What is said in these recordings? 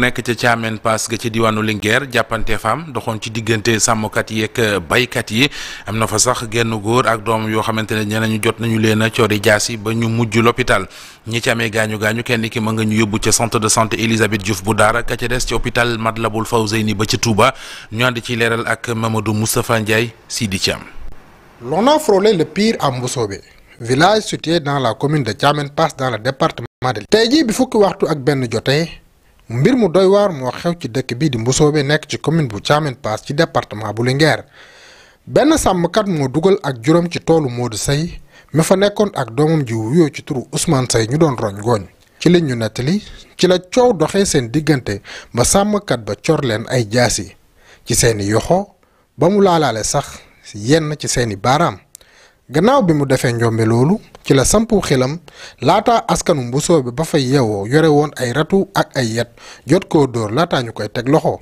nekk ca Thiamène Pass ga ca diwaanu Linguère jàppante faam doxoon ci diggante sàmmkat yi ak euh, baykat yi am na fa sax genn góor ak doom yoo xamante ne ñeneen ñu jot nañu leen a coori jaas yi ba ñu mujj l'hôpital ñi ci amee gaañu gaañu kenn ki mën nga ñu yóbbu ca centre de santé Elisabeth Diouf bu Daara ka ca des ci hôpital Matlaboul Fawzeyni ba ca Touba ñu ànd ci leeral ak Mamadou Moustapha Ndiaye Sidi Thiam. L'on a frôlé le pire à Mboussobé village situé dans la commune de dans le département de. tey jii bi fukki waxtu ak benn jotee. mbir mu doywaar waar moo xew ci dëkk bii di Mbusoobe nekk ci commune bu Thiamène Pass ci département bu li Linguère benn sàmmkat moo dugal ak juróom ci toolu Modou Seye mi fa nekkoon ak doomam ji wuyoo ci turu Ousmane Seye ñu doon roñ gooñ ci li ñu nettali ci la coow doxe seen diggante ba sàmmkat ba cor leen ay jaasi ci seeni yoxo ba mu laalaale sax yenn ci seeni baaraam gannaaw bi mu defee njombe loolu ci la sampu xelam laata askanu mbusoo bi ba fa yeewoo yore woon ay ratu ak ay yet jot ko dóor laata ñu koy teg loxo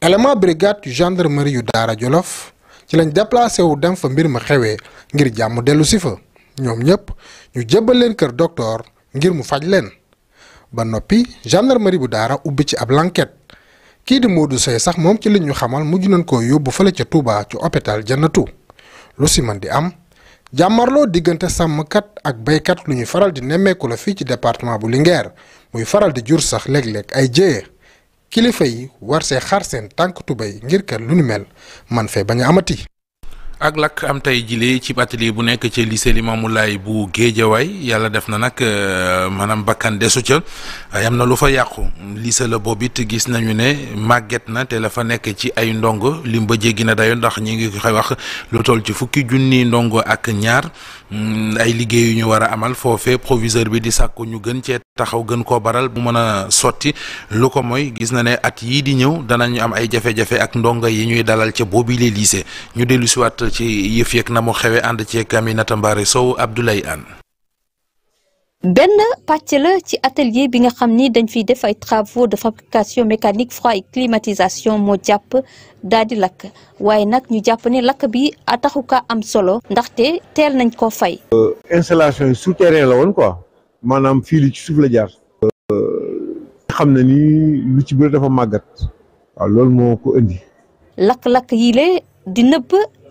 élément brigade yu gendarmerie yu Daara Jolof ci lañ déplacé wu dem fa mbir ma xewee ngir jàmm dellu si fa ñoom ñëpp ñu jébbal leen kër docteur ngir mu faj leen ba noppi gendarmerie bu Daara ubbi ci ab lanket kii di du Seye sax moom ci li ñu xamal mujj nañ koo yóbbu fële ca Touba ci hôpital Jannatu lu si man di am. jàmmarloo diggante sàmmkat ak baykat lu ñuy faral di nemmeeku la fii ci département bu li Linguère muy faral di jur sax léeg-léeg ay jéye kilifa yi war see xar seen tànk tubéy ngir kat lu nu mel man fee bañ a amati. ak lakk am tey jile ci atelier bu nekk ci lycée Limamou laay bu Géejawaay yàlla def na nag euh, maanaam bakkan desu ca am na lu fa yàqu lycée la boobu it gis nañu ne màgget na te la fa nekk ci ay ndongo lim ba jéggi na dayo ndax ñi ngi koy wax lu toll ci fukki junni ndongo ak ñaar mm, ay liggéey yu ñu war a amal foofe proviseur bi di sàkku ñu gën cee taxaw gën koo baral bu mën a sotti lu ko mooy gis na ne at yii di ñëw danañu am ay jafe-jafe ak ndongo yi ñuy dalal ca boobu le ci yëf yeeg na mu xewe ànd ceeg Aminata Mbaare Sow Abdoulaye Anne benn pàcc la ci atelier bi nga xam ni dañ fiy def ay travaux de fabrication mécanique froid et climatisation moo jàpp daal di lakk waaye nag ñu jàpp ne lakk bi a ka am solo ndaxte teel nañ koo fay. Euh, installation yi souterrain la woon ko maanaam fii ci suuf la jaar. Euh, xam na ni lu ci bëri dafa màggat waaw loolu moo ko indi. lakk-lakk yi di nëbb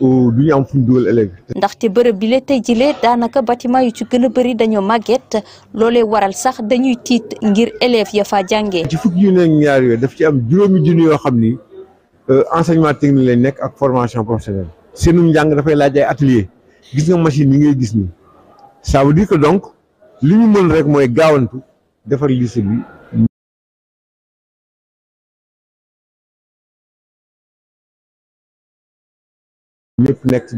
du ñu am fu ñu dugal ëllëg. ndaxte bërëb bi la tey jile daanaka bâtiment yu ci gën a bëri dañoo màgget loolee waral sax dañuy tiit ngir élèves ya faa jàngee. ci fukki junni ñaar yooyu daf ci am juróomi junni yoo xam ni euh, enseignement technique lay nekk ak formation professionnelle. seenu njàng dafay laaj ay atelier gis nga machine yi ngay gis ni ça veut dire que donc li ñu mën rek mooy gaawantu defar lycée bi. ñëpp nekk ci